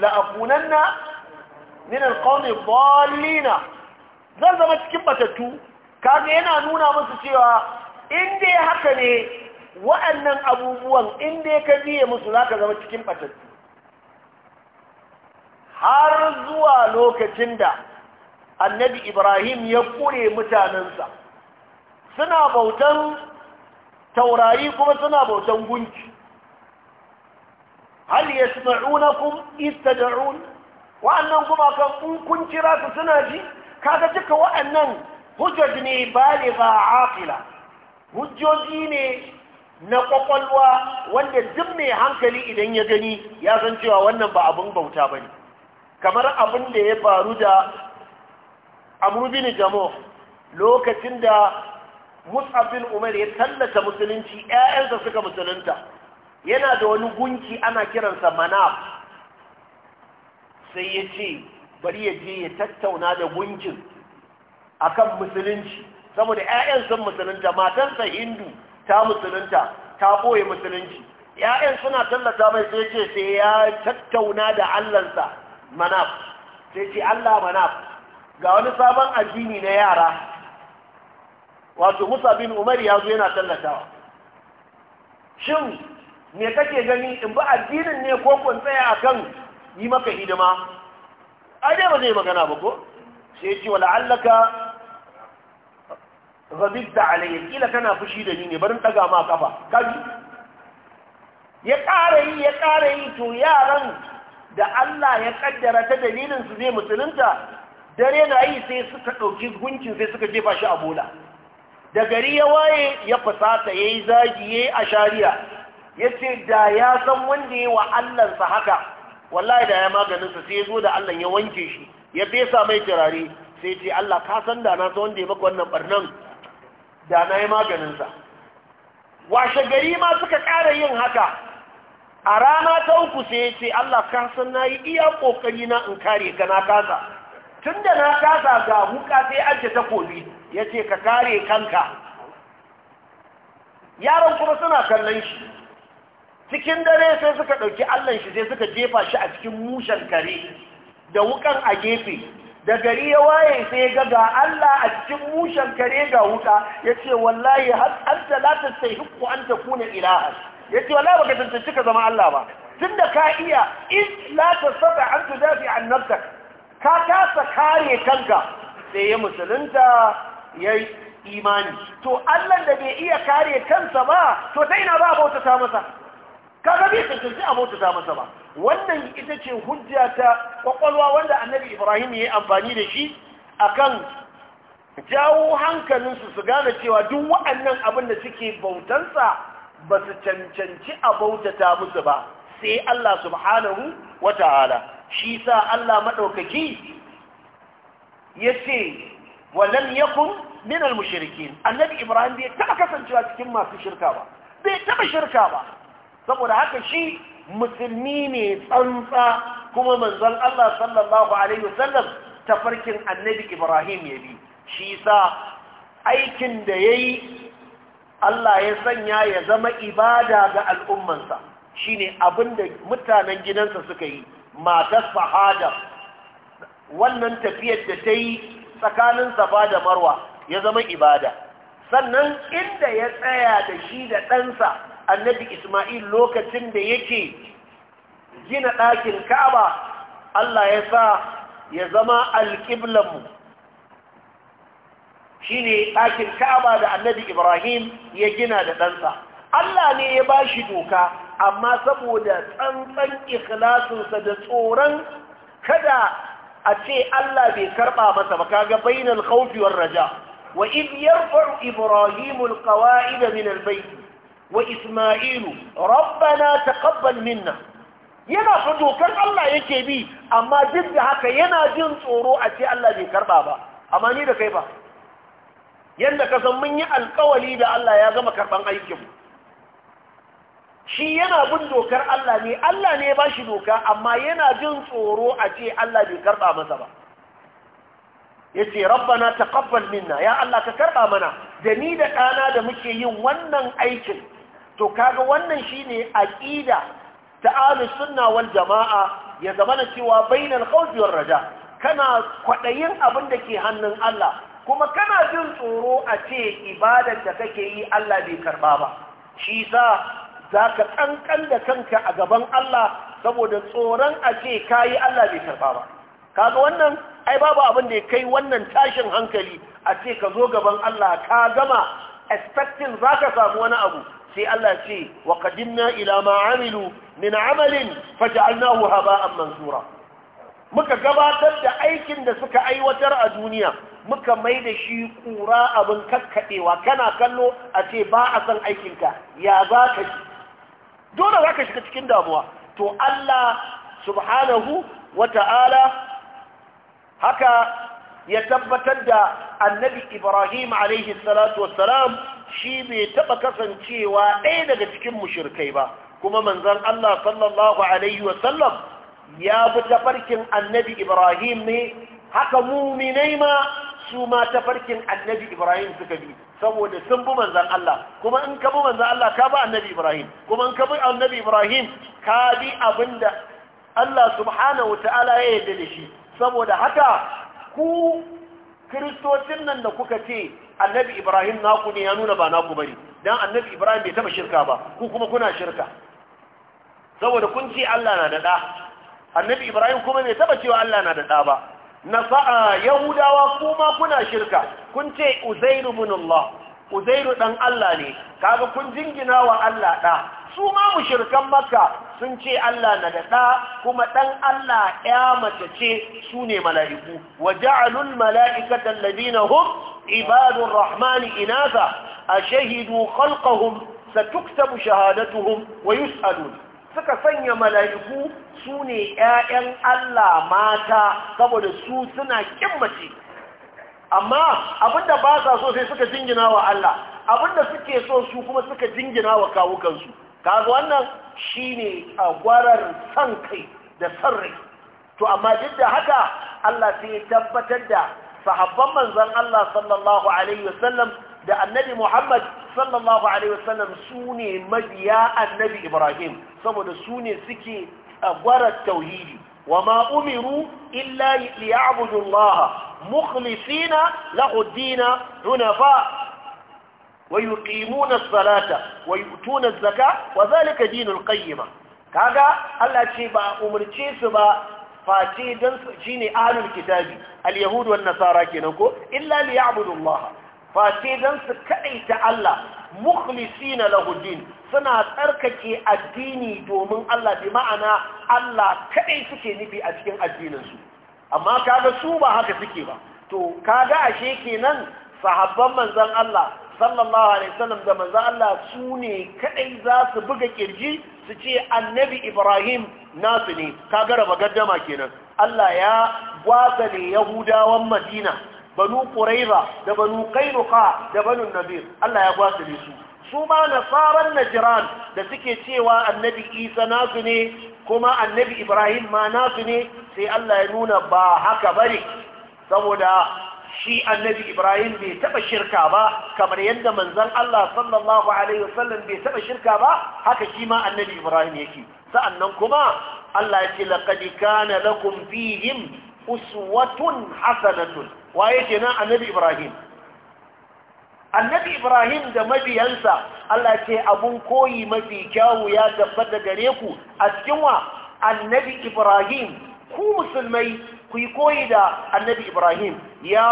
la'akunan la'akunanna min alqawmi dhallina zan zama cikin batattu. kaga yana nuna musu cewa in dai haka ne wa'annan abubuwan in dai ka biye musu za ka zama cikin batattu har zuwa lokacin da annabi ibrahim ya kure mutanensa suna bautan taurari kuma suna bautan gunki hal da istad'un wa'annan kuma kan kun kira su suna ji kaga duka wa'annan hujjaj ne a aqila hujjoji ne na kwakwalwa wanda duk mai hankali idan ya gani ya san cewa wannan ba abin bauta ba ne kamar abin da ya faru da amurbin jamo lokacin da musabin umar ya tallata musulunci 'ya'yansa suka musulunta yana da wani gunki ana kiransa manaf sai ya ce bari ya je ya tattauna da gunkin akan musulunci saboda ƴaƴan sun musulunta matarsa hindu ta musulunta ta boye musulunci 'ya'yan suna tallata mai sai ce sai ya tattauna da allansa manaf sai ce allah manaf ga wani sabon addini na yara wato musa bin umar ya zo yana tallatawa shin me kake gani in ba addinin ne ko kun tsaya akan yi maka hidima ai dai ba zai magana ba ko sai ce wa la'allaka da alayya kila kana fushi da ni ne barin daga ma kafa kaji ya ƙara yi ya ƙara yi to yaran da Allah ya kaddara ta dalilin su zai musulunta dare na yi sai suka ɗauki gunkin sai suka jefa shi a bola da gari ya waye ya fasata yayi zagi ya yi a ya da ya san wanda yayi wa Allahnsa haka wallahi da ya maganinsa sai ya zo da Allah ya wanke shi ya fesa mai turare sai ce Allah ka san da na san wanda ya maka wannan barnan da na yi maganinsa washe gari ma suka ƙara yin haka a rana ta uku sai ce Allah kasan na yi iya ƙoƙari na in kare ka na kasa tun da na kasa ga wuka sai an ce takobi ya ce ka kare kanka yaron kuma suna kallon shi cikin dare sai suka ɗauki allon shi sai suka jefa shi a cikin mushen kare da wukan a gefe da gari ya waye sai ga ga Allah a cikin mushen kare ga wuka yace wallahi har anta la tastahiqu an takuna ilaha yace wallahi baka tantance ka zama Allah ba tunda ka iya in la tastata an tudafi an nafsak ka kasa kare kanka sai ya musulunta yayi imani to Allah da bai iya kare kansa ba to dai na ba bauta ta masa kaga bai tantance a bauta ta masa ba wannan ita ce hujja ta kwakwalwa wanda annabi ibrahim ya yi amfani da shi akan jawo hankalinsu su gane cewa duk wa'annan abin da suke bautansa ba su cancanci a bautata musu ba sai Allah subhanahu wa ta'ala shi sa Allah maɗaukaki ya ce walam yakun min mu mushrikin annabi ibrahim bai taɓa kasancewa cikin masu shirka ba bai taɓa shirka ba saboda haka shi musulmi ne tsantsa kuma manzon Allah sallallahu alaihi wasallam tafarkin annabi Ibrahim ya bi shi sa aikin da yayi Allah ya sanya ya zama ibada ga al'ummansa shine abinda mutanen gidansa suka yi matar sahada wannan tafiyar da ta yi tsakanin safa da marwa ya zama ibada sannan inda ya tsaya da shi da ɗansa annabi Ismail lokacin da yake gina ɗakin Ka'aba Allah ya sa ya zama alƙiblanmu shi ne ɗakin Ka'aba da annabi Ibrahim ya gina da ɗansa. Allah ne ya ba shi doka amma saboda tsantsan ikhlasinsa da tsoron kada a ce Allah bai karɓa masa ba kaga bainal khawfi war raja wa idh yarfa'u ibrahimul qawa'ida min albayt wa Ismailu rabbana taqabbal minna yana fa dokar Allah yake bi amma duk da haka yana jin tsoro a ce Allah bai karba ba amma ni da kai ba yanda ka san mun yi alkawali da Allah ya gama karban aikin shi yana bin dokar Allah ne Allah ne ya bashi doka amma yana jin tsoro a ce Allah bai karba masa ba yace rabbana taqabbal minna ya Allah ka karba mana da ni da ɗana da muke yin wannan aikin to kaga wannan shine aqida ta ahlus sunna wal jamaa ya zamana cewa bainal khawfi war raja kana kwadayin abin da ke hannun Allah kuma kana jin tsoro a ce ibadar da kake yi Allah bai karba ba shi sa zaka kankan da kanka a gaban Allah saboda tsoron a ce kayi Allah bai karba ba kaga wannan ai babu abin da ya kai wannan tashin hankali a ce ka zo gaban Allah ka gama expecting zaka samu wani abu sai Allah ce wa qadimna ila ma'amilu min amalin faj'alnahu haba'an mansura muka gabatar da aikin da suka aiwatar a duniya muka mai da shi kura abin kakkadewa kana kallo a ce ba a san aikinka ya za ka ji dole za ka shiga cikin damuwa to Allah subhanahu wa ta'ala haka ya tabbatar da annabi Ibrahim alaihi salatu wassalam shi bai taɓa kasancewa ɗaya daga cikin mushirkai ba kuma manzan Allah sallallahu Alaihi wasallam ya bi tafarkin annabi Ibrahim ne haka muminai ma su ma tafarkin annabi Ibrahim suka bi saboda sun bi manzan Allah kuma in ka bi manzan Allah ka bi annabi Ibrahim kuma in ka bi annabi Ibrahim ka bi abinda Allah subhanahu ta'ala ya yarda da shi saboda haka ku kiristocin nan da kuka ce annabi ibrahim naku ne ya nuna ba naku bari, dan annabi ibrahim bai taba shirka ba ku kuma kuna shirka saboda kun ce Allah na da annabi ibrahim kuma bai taba cewa Allah na da da ba nasa yahudawa kuma kuna shirka kun ce uzairu bin Allah uzairu dan Allah ne kaga kun jingina wa Allah ɗa, su ma mushrikan makka sun ce Allah na da kuma dan Allah ya mace ce su ne mala'iku wa ja'alul mala'ikata alladhina hum عباد الرحمن إناثا أشهدوا خلقهم ستكتب شهادتهم ويسألون suka sanya mala'iku su ne ‘ya'yan Allah mata saboda su suna kimmace, amma abinda ba sa so sai suka jingina wa Allah, abinda suke so su kuma suka jingina wa kawukansu, kaga wannan shi ne a gwarar san kai da san rai. To, amma duk da haka Allah sai tabbatar da sahabban manzon Allah sallallahu alaihi wasallam da annabi Muhammad sallallahu alaihi wasallam su ne mabiya annabi Ibrahim saboda su ne suke gwarar tauhidi wa ma umiru illa liya'budu Allah mukhlisina lahu dina hunafa wa yuqimuna as-salata wa yu'tuna az-zakata wa dhalika dinul qayyima kaga Allah ce ba umurce su ba face don shi ne ahalul kitabi al-yahud wal nasara kenan ko illa li ya'budu Allah face don su Allah mukhlisina lahu din suna tsarkake addini domin Allah bi ma'ana Allah kadai suke nufi a cikin addinin su amma kaga su ba haka suke ba to kaga ashe kenan sahabban manzon Allah sallallahu alaihi wasallam da manzon Allah su ne kadai za su buga kirji su ce annabi Ibrahim nasu ne ka garaba gaddama kenan Allah ya wasa ne yahudawan madina banu ƙuraiba da banu kainuka da banu nabir Allah ya wasa ne su su ma nasaran najiran da suke cewa annabi isa nasu ne kuma annabi ibrahim ma nasu ne sai Allah ya nuna ba haka bane saboda shi annabi ibrahim bai taba shirka ba kamar yadda manzon Allah sallallahu alaihi wasallam bai taba shirka ba haka shi ma annabi ibrahim yake sa'annan kuma Allah ya ce laqad kana lakum fihim uswatun hasanatun waye kenan annabi ibrahim annabi ibrahim da mabiyansa Allah ce abun koyi mafi kyawu ya tabbata gare ku a cikin wa annabi ibrahim ku musulmai ku yi koyi da annabi ibrahim ya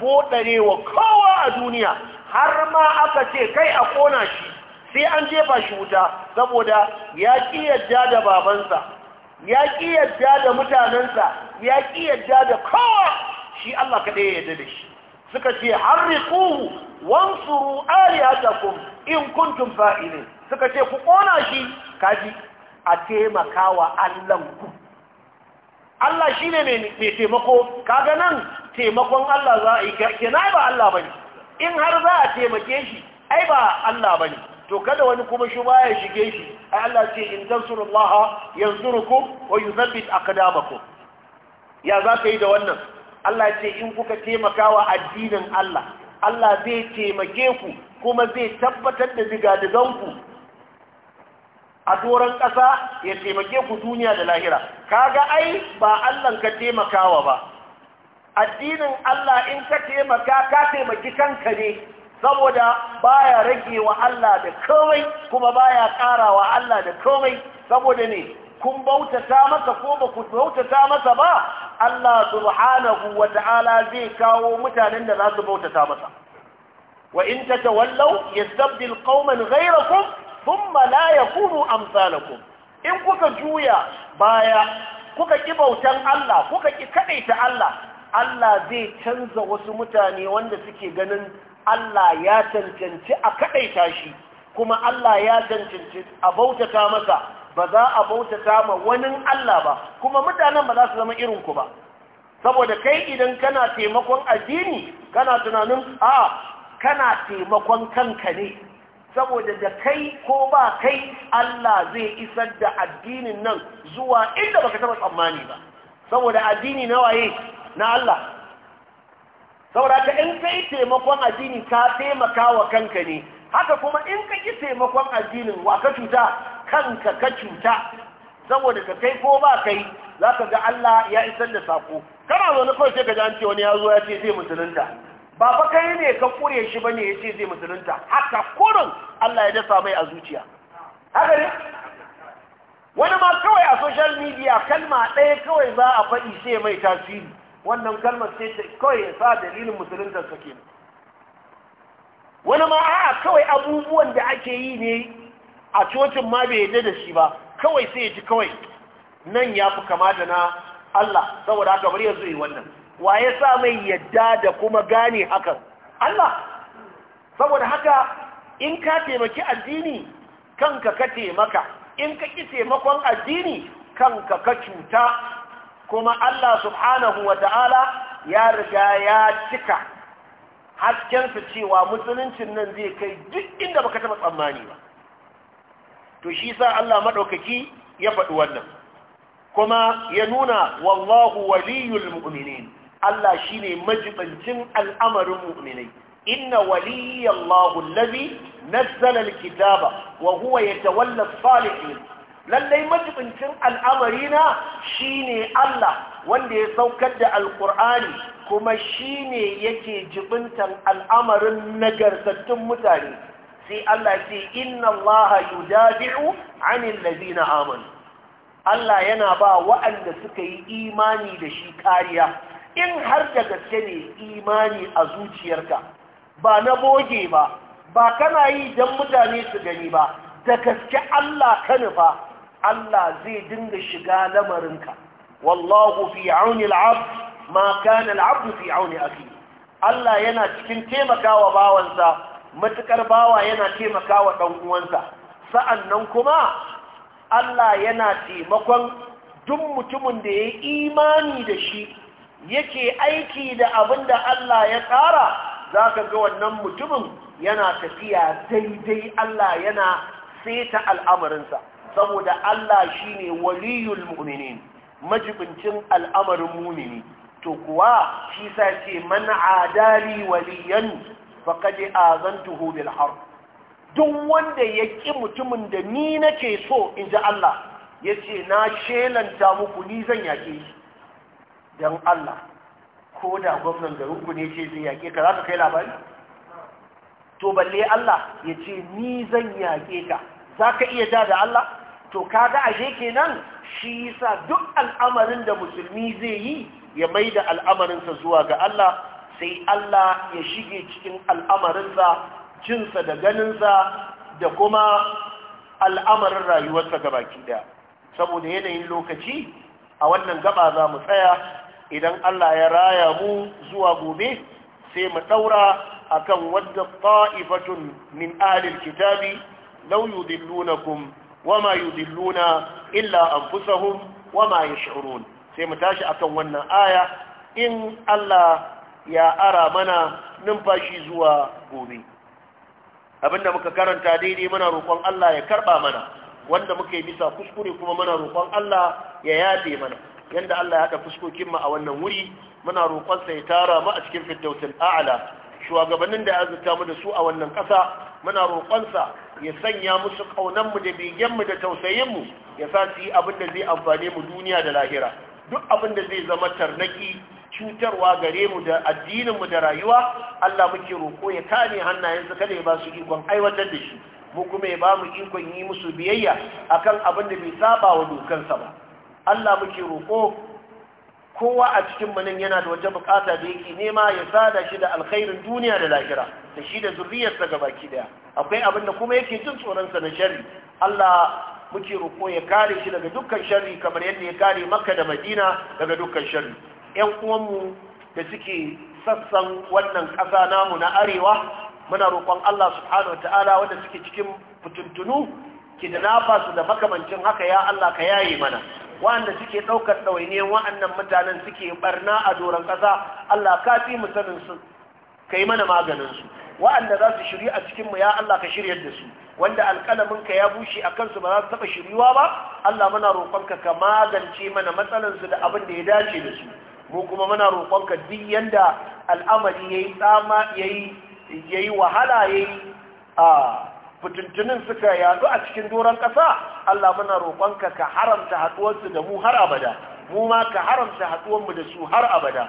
bodare wa kowa a duniya har ma aka ce kai a kona shi sai an jefa shi wuta saboda ya ƙi yadda da babansa ya ƙi yadda da mutanensa ya ƙi yadda da kowa shi allah kaɗai ya yadda da shi suka ce harriquhu wansuru aliyatakum in kuntum fa'ilin suka ce ku kona shi kaji a taimakawa allahnku Allah shi ne mai taimako kaga nan taimakon Allah za a yi na ba Allah ba in har za a taimake shi ai ba Allah ba to kada wani kuma shi ba ya shige shi ai Allah ce in tansurullaha yanzurukum wa yuthabbit ku. ya za ka yi da wannan Allah ce in kuka taimakawa addinin Allah Allah zai taimake ku kuma zai tabbatar da ku a doron ƙasa ya taimake ku duniya da lahira kaga ai ba Allah ka taimakawa ba addinin Allah in ka taimaka ka taimaki kanka ne saboda baya rage wa Allah da komai kuma baya ƙara wa Allah da komai saboda ne kun bautata masa ko ba ku bautata masa ba Allah subhanahu wa ta'ala zai kawo mutanen da za su bautata masa wa in tatawallaw yastabdil qauman ghayrakum thumma la yakunu amsalakum in kuka juya baya kuka ki bautan Allah kuka ki kaɗaita Allah Allah zai canza wasu mutane wanda suke ganin Allah ya cancanci a kaɗaita shi kuma Allah ya cancanci a bautata masa ba za a bautata ma wani Allah ba kuma mutanen ba za su zama irin ku ba saboda kai idan kana taimakon addini kana tunanin a kana taimakon kanka ne saboda da kai ko ba kai Allah zai isar da addinin nan zuwa inda baka taba tsammani ba saboda addini na waye na Allah saboda ka in kai taimakon addini ka taimaka wa kanka ne haka kuma in ka ki taimakon addinin wa ka cuta kanka ka cuta saboda ka kai ko ba kai za ga Allah ya isar da sako kana zo na kawai sai ka ji an ce wani ya ya ce zai musulunta ba fa kai ne ka kure shi bane yace zai musulunta haka kurin Allah ya dasa mai a zuciya haka ne wani ma kawai a social media kalma ɗaya kawai za a faɗi sai mai tasiri wannan kalmar sai ta kawai ya sa dalilin musuluntar sa ke. wani ma a'a kawai abubuwan da ake yi ne a cocin ma bai yarda da shi ba kawai sai ya ji kawai nan ya fi kama da na Allah saboda haka bari ya zo yi wannan wa ya sa mai yadda da kuma gane hakan Allah saboda haka in ka taimaki addini kanka ka taimaka in ka ki taimakon addini kanka ka cuta kuma Allah subhanahu wa ta'ala ya riga ya cika haskensa cewa musuluncin nan zai kai duk inda baka taɓa tsammani ba to shi sa Allah maɗaukaki ya faɗi wannan kuma ya nuna wallahu waliyul mu'minin Allah shine majibancin al'amarin mu'minai inna waliyallahu na nazzala Kitaba, wa huwa yatawalla as-salihin lallai majibincin al'amarina shi shine Allah wanda ya saukar da alkur'ani kuma shi ne yake jibintan al'amarin nagartattun mutane sai Allah ce inna Allah yudabi'u 'anil ladina amanu Allah yana ba wa'anda suka yi imani da shi kariya in har da gaske ne imani a zuciyarka ba na boge ba ba kana yi don mutane su gani ba da gaske Allah ka nufa Allah zai dinga shiga lamarinka wallahu fi auni al'abd ma kana al'abd fi auni akhi Allah yana cikin taimakawa bawansa matukar bawa yana taimakawa dan uwansa sa'annan kuma Allah yana taimakon duk mutumin da ya imani da shi yake aiki da abin da Allah ya tsara za ka ga wannan mutumin yana tafiya daidai Allah yana seta al'amarinsa saboda Allah shi ne waliyul mumini majibincin al'amarin mumini to kuwa shi sa ce man adali waliyan faƙaɗe tuho bil har duk wanda ya ƙi mutumin da ni nake so in ji Allah ya ce na shelanta muku ni zan yake shi don Allah ko da gwamnan garin ku ne ce zai yaƙe ka za ka kai labari to balle Allah ya ce ni zan yaƙe ka za ka iya ja da Allah to kaga ashe kenan shi yasa duk al'amarin da musulmi zai yi ya mai da al'amarinsa zuwa ga Allah sai Allah ya shige cikin al'amarinsa cinsa da ganinsa da kuma al'amarin rayuwarsa gabaki ɗaya saboda yanayin lokaci a wannan gaba za mu tsaya idan Allah ya raya mu zuwa gobe sai mu daura akan wadda ta'ifatun min ahlil kitabi law yudillunakum wama yudilluna illa anfusahum wama yash'urun sai mu tashi akan wannan aya in Allah ya ara mana numfashi zuwa gobe abinda muka karanta daidai muna roƙon Allah ya karba mana wanda muka yi bisa kuskure kuma muna roƙon Allah ya yafe mana Yadda Allah ya haɗa fuskokin mu a wannan wuri muna roƙon ya tara mu a cikin firdausul a'ala. shugabannin da ya azurta mu da su a wannan ƙasa muna roƙon ya sanya musu ƙaunan mu da begen mu da tausayin mu ya sa su yi abin da zai amfane mu duniya da lahira duk abin da zai zama tarnaki cutarwa gare mu da addinin mu da rayuwa Allah muke roƙo ya kane hannayensa kada ya ba su ikon aiwatar da shi mu kuma ya ba mu ikon yi musu biyayya akan abin da bai saba wa dokansa ba Allah muke roƙo kowa a cikin nan yana da wata bukata da yake nema ya sada shi da alkhairin duniya da lahira da shi da zuriyarsa ga baki daya akwai abin da kuma yake jin tsoronsa na sharri Allah muke roƙo ya kare shi daga dukkan sharri kamar yadda ya kare Makka da Madina daga dukkan sharri ƴan uwanmu da suke sassan wannan ƙasa namu na arewa muna roƙon Allah subhanahu wataala wanda suke cikin fituntunu ki da su da makamancin haka ya Allah ka yaye mana wa'anda suke ɗaukar ɗawainiyar wa'annan mutanen suke barna a doron ƙasa Allah ka fi mu sanin su ka yi mana maganinsu wa'anda za su shiri a cikinmu ya Allah ka shiryar da su wanda alƙalaminka ya bushe a kansu ba za su taɓa shiriwa ba Allah muna roƙonka ka magance mana matsalansu da abin da ya dace da su mu kuma muna roƙonka duk yanda al'amari ya yi tsama ya yi wahala ya yi a fitintunin suka yaɗu a cikin doron ƙasa Allah muna roƙonka ka haramta haɗuwarsu da mu har abada mu ma ka haramta haɗuwarmu da su har abada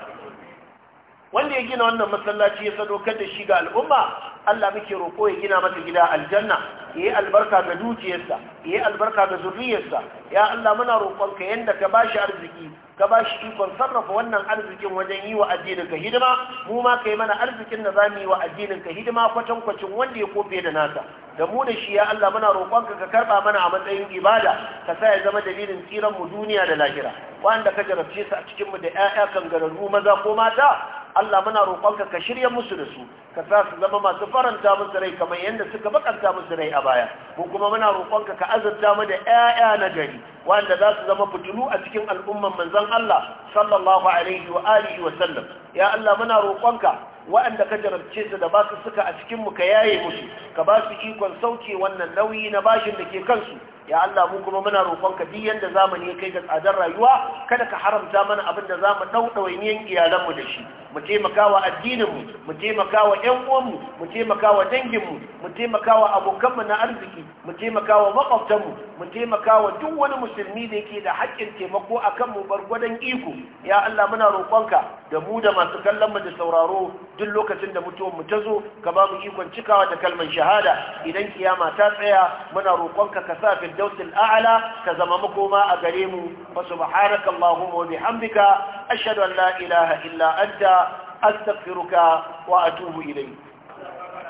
wanda ya gina wannan masallaci ya sadaukar da shi ga al'umma Allah muke roƙo ya gina mata gida aljanna yi albarka ga dukiyarsa yi albarka ga zurriyarsa. ya Allah muna roƙonka yanda ka bashi arziki ka ba shi ikon sarrafa wannan arzikin wajen yi wa addinin ka hidima mu ma kai mana arzikin da za mu yi wa addinin ka hidima kwatan kwacin wanda ya kofe da naka da mu da shi ya Allah muna roƙonka ka karɓa mana a matsayin ibada ka sa ya zama dalilin tsiran mu duniya da lahira wanda ka jarabce su a cikin mu da ƴaƴa kan gararru maza ko mata Allah muna roƙonka ka shirya musu da su ka sa su zama masu faranta musu rai kamar yadda suka bakanta musu rai a baya ko kuma muna roƙonka ka azurta mu da ƴaƴa na gari wanda za su zama fitilu a cikin al'umman manzon Allah sallallahu alaihi wa alihi wa sallam ya Allah muna roƙonka waɗanda ka jarabce su da su suka a cikinmu ka yaye musu ka ba su ikon sauke wannan nauyi na bashin da ke kansu ya Allah mu kuma muna roƙonka duk yanda zamani ya kai ga tsadar rayuwa kada ka haramta mana abin da zamu daudawa niyan iyalanmu da shi mu taimakawa addinin mu mu taimakawa ƴan uwanmu mu taimakawa danginmu mu taimakawa abokanmu na arziki mu taimakawa makwabtan mu mu taimakawa duk wani musulmi da yake da haƙƙin taimako akan mu gwadon iko ya Allah muna roƙonka da mu da masu kallon mu da sauraro duk lokacin da mutuwar mu ta zo ka ba mu ikon cikawa da kalmar shahada idan kiyama ta tsaya muna roƙonka ka sa firdausil aala ka zama makoma a garemu mu wa subhanaka allahumma wa bihamdika la ilaha illa anta astaghfiruka wa atubu ilayk